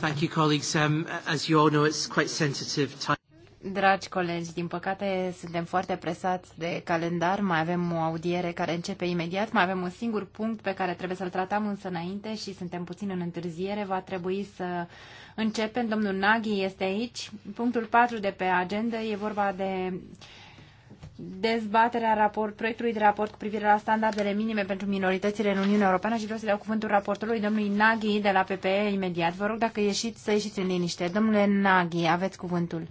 Thank you, colleagues. Um, as you all know, it's quite sensitive time. Dragi colegi, din păcate suntem foarte presați de calendar, mai avem o audiere care începe imediat, mai avem un singur punct pe care trebuie să-l tratăm însă înainte și suntem puțin în întârziere, va trebui să începem. Domnul Naghi este aici. Punctul 4 de pe agenda e vorba de dezbaterea raport, proiectului de raport cu privire la standardele minime pentru minoritățile în Uniunea Europeană și vreau să dau cuvântul raportorului domnului Naghi de la PPE imediat. Vă rog dacă ieșiți să ieșiți în liniște. Domnule Naghi, aveți cuvântul.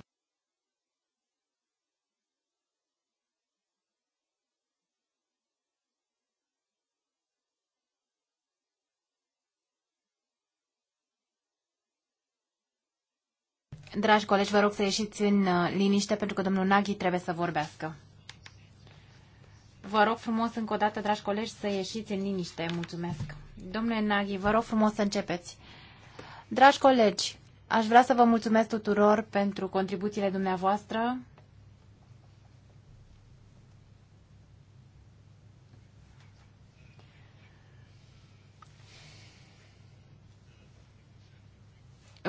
Dragi colegi, vă rog să ieșiți în uh, liniște pentru că domnul Naghi trebuie să vorbească. Vă rog frumos încă o dată, dragi colegi, să ieșiți în liniște. Mulțumesc. Domnule Naghi, vă rog frumos să începeți. Dragi colegi, aș vrea să vă mulțumesc tuturor pentru contribuțiile dumneavoastră.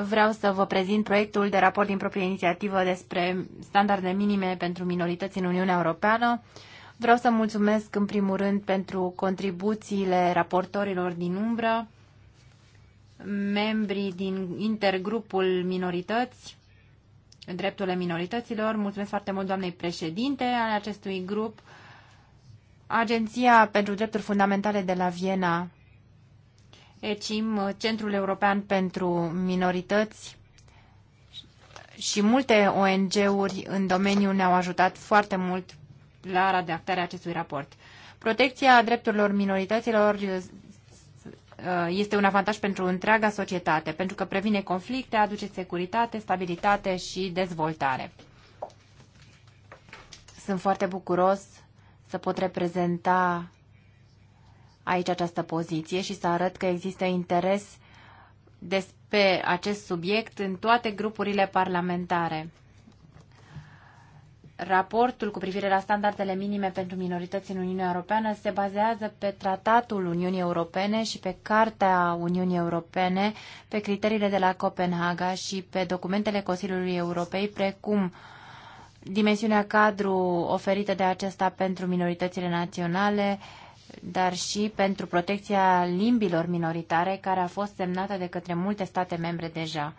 vreau să vă prezint proiectul de raport din proprie inițiativă despre standarde minime pentru minorități în Uniunea Europeană. Vreau să mulțumesc în primul rând pentru contribuțiile raportorilor din umbră, membrii din intergrupul minorități, drepturile minorităților. Mulțumesc foarte mult doamnei președinte al acestui grup. Agenția pentru Drepturi Fundamentale de la Viena, ECIM, Centrul European pentru Minorități și multe ONG-uri în domeniu ne-au ajutat foarte mult la redactarea acestui raport. Protecția drepturilor minorităților uh, este un avantaj pentru întreaga societate, pentru că previne conflicte, aduce securitate, stabilitate și dezvoltare. Sunt foarte bucuros să pot reprezenta aici această poziție și să arăt că există interes despre acest subiect în toate grupurile parlamentare. Raportul cu privire la standardele minime pentru minorități în Uniunea Europeană se bazează pe Tratatul Uniunii Europene și pe Cartea Uniunii Europene, pe criteriile de la Copenhaga și pe documentele Consiliului Europei, precum dimensiunea cadru oferită de acesta pentru minoritățile naționale, dar și pentru protecția limbilor minoritare, care a fost semnată de către multe state membre deja.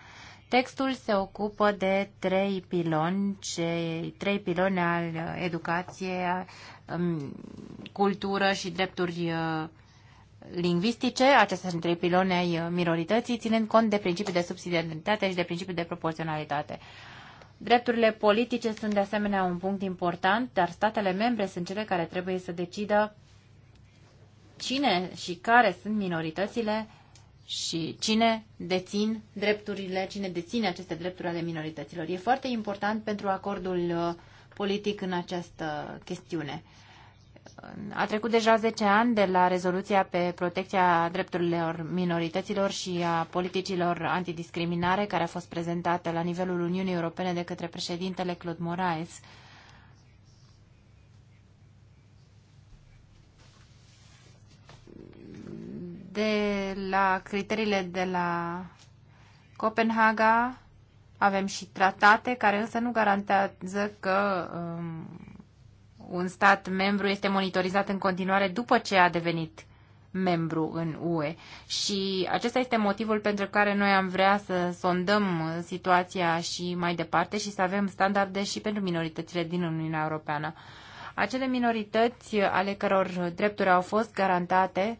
Textul se ocupă de trei piloni, cei trei piloni al educației, um, cultură și drepturi uh, lingvistice, acestea sunt trei piloni ai uh, minorității, ținând cont de principiul de subsidiaritate și de principiul de proporționalitate. Drepturile politice sunt de asemenea un punct important, dar statele membre sunt cele care trebuie să decidă cine și care sunt minoritățile și cine dețin drepturile, cine deține aceste drepturi ale minorităților. E foarte important pentru acordul uh, politic în această chestiune. A trecut deja 10 ani de la rezoluția pe protecția drepturilor minorităților și a politicilor antidiscriminare care a fost prezentată la nivelul Uniunii Europene de către președintele Claude Moraes. de la criteriile de la Copenhaga, avem și tratate care însă nu garantează că um, un stat membru este monitorizat în continuare după ce a devenit membru în UE. Și acesta este motivul pentru care noi am vrea să sondăm situația și mai departe și să avem standarde și pentru minoritățile din Uniunea Europeană. Acele minorități ale căror drepturi au fost garantate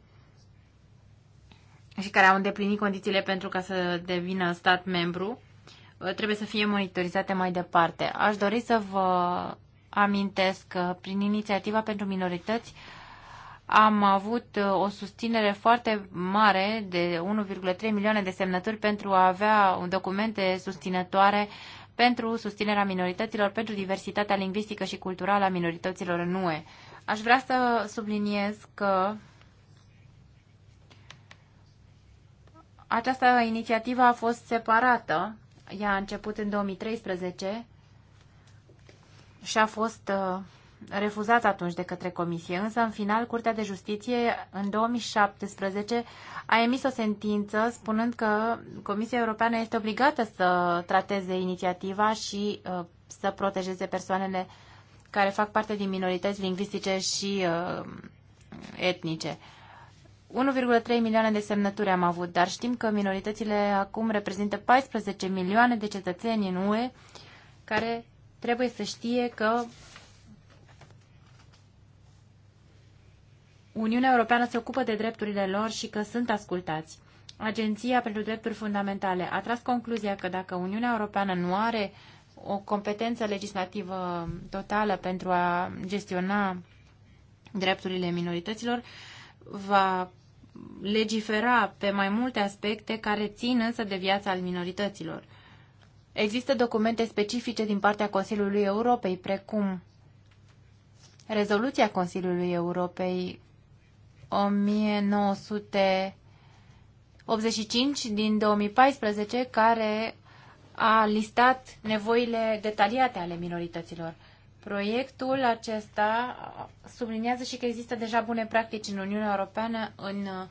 și care au îndeplinit condițiile pentru ca să devină stat membru, uh, trebuie să fie monitorizate mai departe. Aș dori să vă amintesc că prin inițiativa pentru minorități am avut uh, o susținere foarte mare de 1,3 milioane de semnături pentru a avea documente susținătoare pentru susținerea minorităților, pentru diversitatea lingvistică și culturală a minorităților în UE. Aș vrea să subliniez că Această inițiativă a fost separată. Ea a început în 2013 și a fost uh, refuzat atunci de către comisie, însă în final Curtea de Justiție în 2017 a emis o sentință spunând că Comisia Europeană este obligată să trateze inițiativa și uh, să protejeze persoanele care fac parte din minorități lingvistice și uh, etnice. 1,3 milioane de semnături am avut, dar știm că minoritățile acum reprezintă 14 milioane de cetățeni în UE care trebuie să știe că Uniunea Europeană se ocupă de drepturile lor și că sunt ascultați. Agenția pentru Drepturi Fundamentale a tras concluzia că dacă Uniunea Europeană nu are o competență legislativă totală pentru a gestiona drepturile minorităților, va legifera pe mai multe aspecte care țin însă de viața al minorităților. Există documente specifice din partea Consiliului Europei, precum rezoluția Consiliului Europei 1985 din 2014, care a listat nevoile detaliate ale minorităților. Proiectul acesta subliniază și că există deja bune practici în Uniunea Europeană, în uh,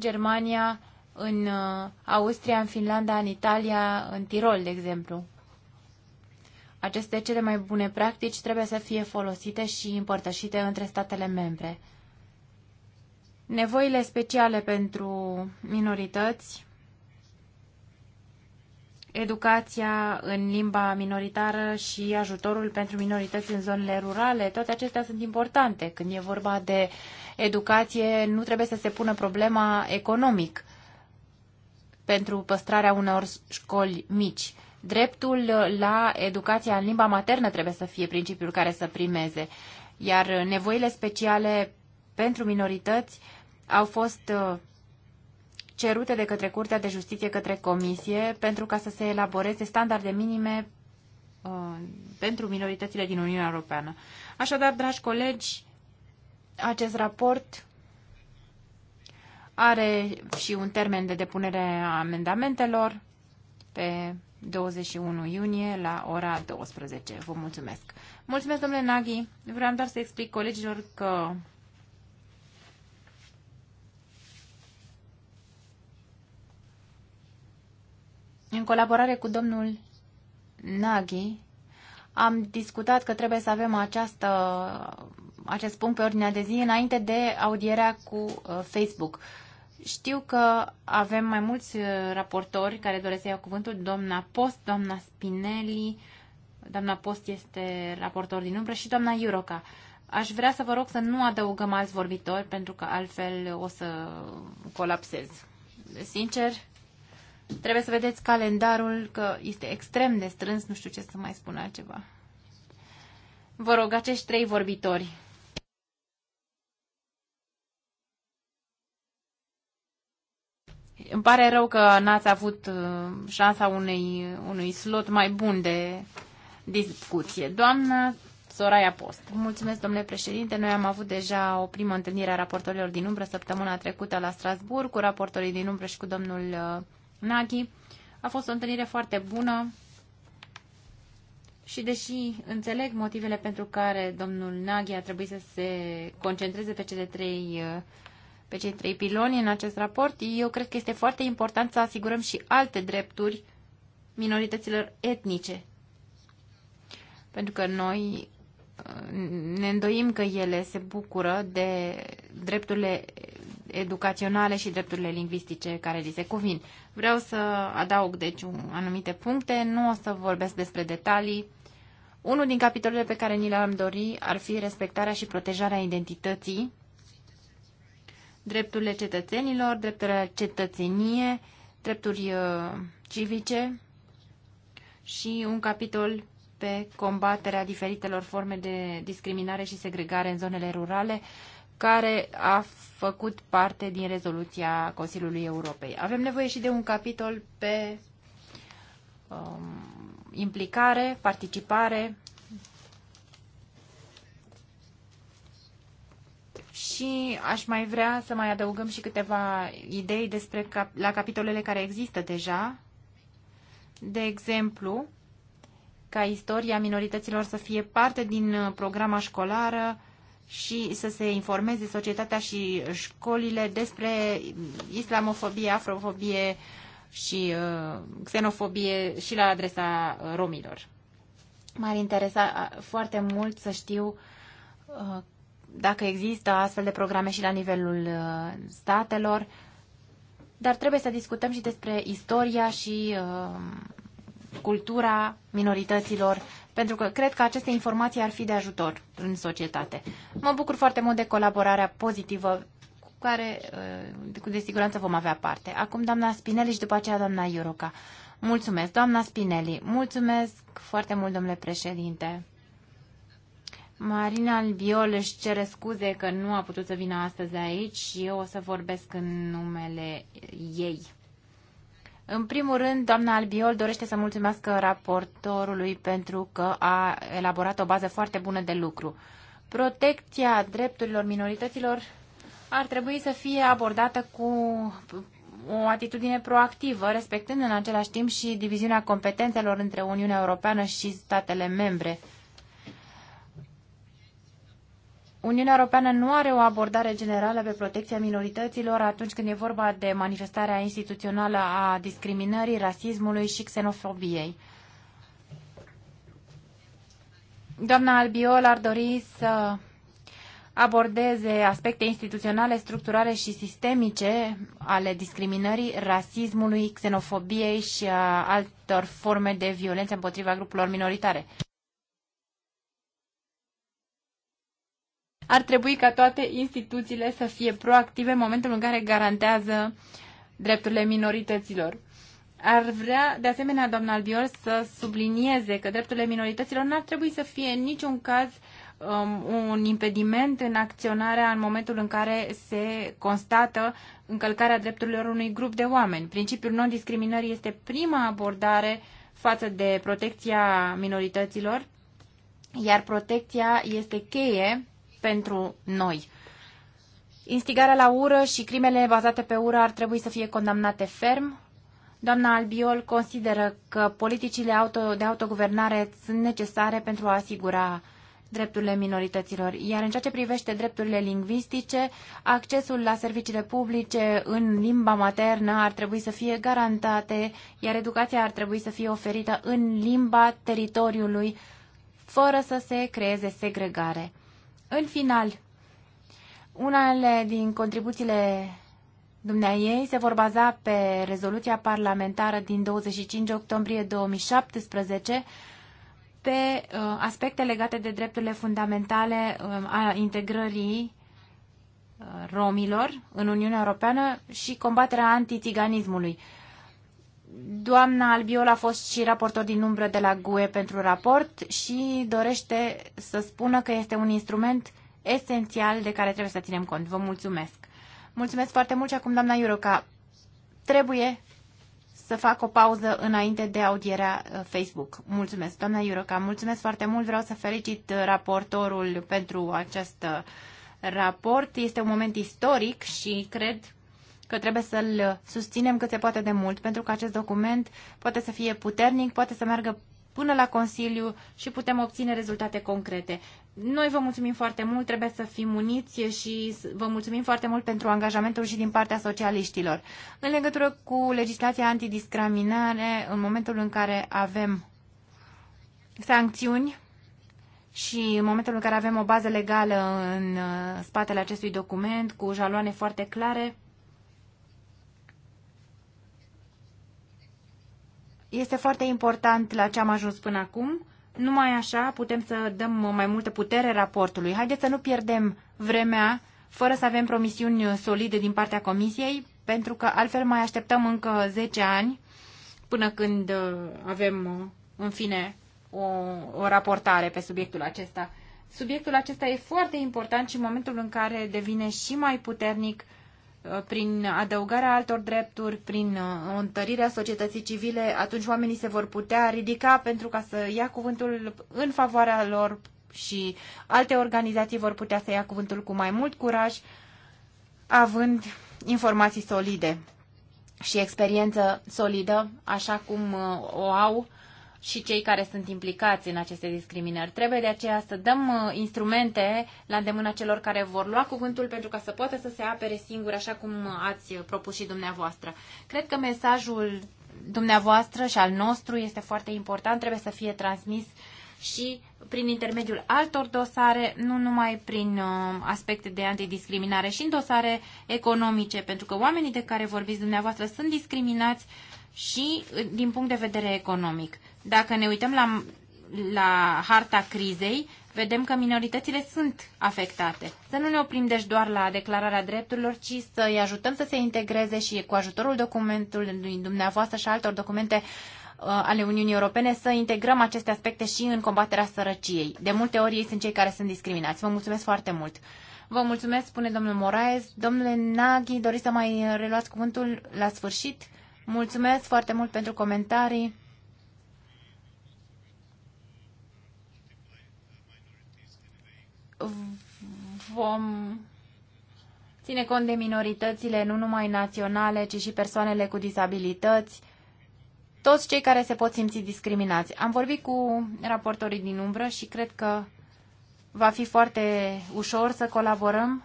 Germania, în uh, Austria, în Finlanda, în Italia, în Tirol, de exemplu. Aceste cele mai bune practici trebuie să fie folosite și împărtășite între statele membre. Nevoile speciale pentru minorități educația în limba minoritară și ajutorul pentru minorități în zonele rurale, toate acestea sunt importante. Când e vorba de educație, nu trebuie să se pună problema economic pentru păstrarea unor școli mici. Dreptul la educația în limba maternă trebuie să fie principiul care să primeze, iar nevoile speciale pentru minorități au fost uh, cerute de către Curtea de Justiție către Comisie pentru ca să se elaboreze standarde minime uh, pentru minoritățile din Uniunea Europeană. Așadar, dragi colegi, acest raport are și un termen de depunere a amendamentelor pe 21 iunie la ora 12. Vă mulțumesc. Mulțumesc, domnule Naghi. Vreau doar să explic colegilor că În colaborare cu domnul Nagy, am discutat că trebuie să avem această, acest punct pe ordinea de zi înainte de audierea cu uh, Facebook. Știu că avem mai mulți uh, raportori care doresc să iau cuvântul, doamna Post, doamna Spinelli, doamna Post este raportor din umbră și doamna Iuroca. Aș vrea să vă rog să nu adăugăm alți vorbitori, pentru că altfel o să colapsez. Sincer, Trebuie să vedeți calendarul că este extrem de strâns, nu știu ce să mai spun altceva. Vă rog, acești trei vorbitori. Îmi pare rău că n-ați avut uh, șansa unei, unui slot mai bun de discuție. Doamna Soraya Post. Mulțumesc, domnule președinte. Noi am avut deja o primă întâlnire a raportorilor din umbră săptămâna trecută la Strasburg cu raportorii din umbră și cu domnul uh, Nagi, A fost o întâlnire foarte bună și deși înțeleg motivele pentru care domnul Nagi a trebuit să se concentreze pe cele trei pe cei trei piloni în acest raport, eu cred că este foarte important să asigurăm și alte drepturi minorităților etnice. Pentru că noi ne îndoim că ele se bucură de drepturile educaționale și drepturile lingvistice care li se cuvin. Vreau să adaug, deci, anumite puncte, nu o să vorbesc despre detalii. Unul din capitolele pe care ni le-am dori ar fi respectarea și protejarea identității, drepturile cetățenilor, drepturile cetățenie, drepturi uh, civice și un capitol pe combaterea diferitelor forme de discriminare și segregare în zonele rurale care a făcut parte din rezoluția Consiliului Europei. Avem nevoie și de un capitol pe um, implicare, participare și aș mai vrea să mai adăugăm și câteva idei despre cap- la capitolele care există deja. De exemplu, ca istoria minorităților să fie parte din programa școlară, uh, și să se informeze societatea și școlile despre islamofobie, afrofobie și uh, xenofobie și la adresa romilor. M-ar interesa uh, foarte mult să știu uh, dacă există astfel de programe și la nivelul uh, statelor, dar trebuie să discutăm și despre istoria și uh, cultura minorităților pentru că cred că aceste informații ar fi de ajutor în societate. Mă bucur foarte mult de colaborarea pozitivă cu care, uh, cu de siguranță, vom avea parte. Acum, doamna Spinelli și după aceea doamna Iuroca. Mulțumesc, doamna Spinelli. Mulțumesc foarte mult, domnule președinte. Marina Albiol își cere scuze că nu a putut să vină astăzi aici și eu o să vorbesc în numele ei. În primul rând, doamna Albiol dorește să mulțumească raportorului pentru că a elaborat o bază foarte bună de lucru. Protecția drepturilor minorităților ar trebui să fie abordată cu o atitudine proactivă, respectând în același timp și diviziunea competențelor între Uniunea Europeană și statele membre Uniunea Europeană nu are o abordare generală pe protecția minorităților atunci când e vorba de manifestarea instituțională a discriminării, rasismului și xenofobiei. Doamna Albiol ar dori să abordeze aspecte instituționale, structurale și sistemice ale discriminării, rasismului, xenofobiei și a altor forme de violență împotriva grupurilor minoritare. Ar trebui ca toate instituțiile să fie proactive în momentul în care garantează drepturile minorităților. Ar vrea, de asemenea, doamna Albior, să sublinieze că drepturile minorităților n-ar trebui să fie în niciun caz um, un impediment în acționarea în momentul în care se constată încălcarea drepturilor unui grup de oameni. Principiul non-discriminării este prima abordare față de protecția minorităților, iar protecția este cheie pentru noi. Instigarea la ură și crimele bazate pe ură ar trebui să fie condamnate ferm. Doamna Albiol consideră că politicile auto, de autoguvernare sunt necesare pentru a asigura drepturile minorităților. Iar în ceea ce privește drepturile lingvistice, accesul la serviciile publice în limba maternă ar trebui să fie garantate, iar educația ar trebui să fie oferită în limba teritoriului, fără să se creeze segregare. În final, unele din contribuțiile dumneaei se vor baza pe rezoluția parlamentară din 25 octombrie 2017 pe uh, aspecte legate de drepturile fundamentale uh, a integrării uh, romilor în Uniunea Europeană și combaterea antiziganismului. Doamna Albiol a fost și raportor din umbră de la GUE pentru raport și dorește să spună că este un instrument esențial de care trebuie să ținem cont. Vă mulțumesc! Mulțumesc foarte mult și acum, doamna Iuroca, trebuie să fac o pauză înainte de audierea uh, Facebook. Mulțumesc, doamna Iuroca, mulțumesc foarte mult. Vreau să felicit uh, raportorul pentru acest uh, raport. Este un moment istoric și cred că trebuie să-l susținem cât se poate de mult, pentru că acest document poate să fie puternic, poate să meargă până la Consiliu și putem obține rezultate concrete. Noi vă mulțumim foarte mult, trebuie să fim uniți și vă mulțumim foarte mult pentru angajamentul și din partea socialiștilor. În legătură cu legislația antidiscriminare, în momentul în care avem sancțiuni și în momentul în care avem o bază legală în uh, spatele acestui document, cu jaloane foarte clare, Este foarte important la ce am ajuns până acum. Numai așa putem să dăm mai multă putere raportului. Haideți să nu pierdem vremea fără să avem promisiuni solide din partea Comisiei, pentru că altfel mai așteptăm încă 10 ani până când uh, avem, uh, în fine, o, o raportare pe subiectul acesta. Subiectul acesta e foarte important și în momentul în care devine și mai puternic Uh, prin adăugarea altor drepturi, prin uh, o întărire a societății civile, atunci oamenii se vor putea ridica pentru ca să ia cuvântul în favoarea lor și alte organizații vor putea să ia cuvântul cu mai mult curaj, având informații solide și experiență solidă, așa cum uh, o au și cei care sunt implicați în aceste discriminări. Trebuie de aceea să dăm uh, instrumente la îndemâna celor care vor lua cuvântul pentru ca să poată să se apere singur, așa cum uh, ați uh, propus și dumneavoastră. Cred că mesajul dumneavoastră și al nostru este foarte important, trebuie să fie transmis și prin intermediul altor dosare, nu numai prin aspecte de antidiscriminare, și în dosare economice, pentru că oamenii de care vorbiți dumneavoastră sunt discriminați și din punct de vedere economic. Dacă ne uităm la, la harta crizei, vedem că minoritățile sunt afectate. Să nu ne oprim deci doar la declararea drepturilor, ci să îi ajutăm să se integreze și cu ajutorul documentului dumneavoastră și altor documente uh, ale Uniunii Europene să integrăm aceste aspecte și în combaterea sărăciei. De multe ori ei sunt cei care sunt discriminați. Vă mulțumesc foarte mult! Vă mulțumesc, spune domnul Moraes. Domnule Naghi, doriți să mai reluați cuvântul la sfârșit? Mulțumesc foarte mult pentru comentarii. vom ține cont de minoritățile nu numai naționale, ci și persoanele cu disabilități, toți cei care se pot simți discriminați. Am vorbit cu raportorii din umbră și cred că va fi foarte ușor să colaborăm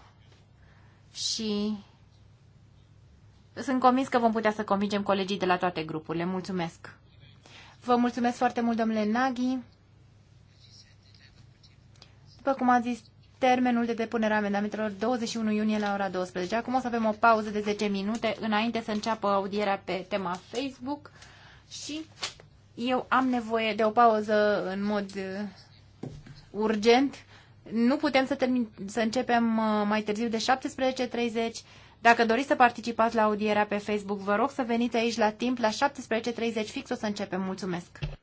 și sunt convins că vom putea să convingem colegii de la toate grupurile. Mulțumesc! Vă mulțumesc foarte mult, domnule Naghi. După cum a zis termenul de depunere a amendamentelor 21 iunie la ora 12. Acum o să avem o pauză de 10 minute înainte să înceapă audierea pe tema Facebook și eu am nevoie de o pauză în mod uh, urgent. Nu putem să, termin, să începem uh, mai târziu de 17.30. Dacă doriți să participați la audierea pe Facebook, vă rog să veniți aici la timp, la 17.30 fix o să începem. Mulțumesc!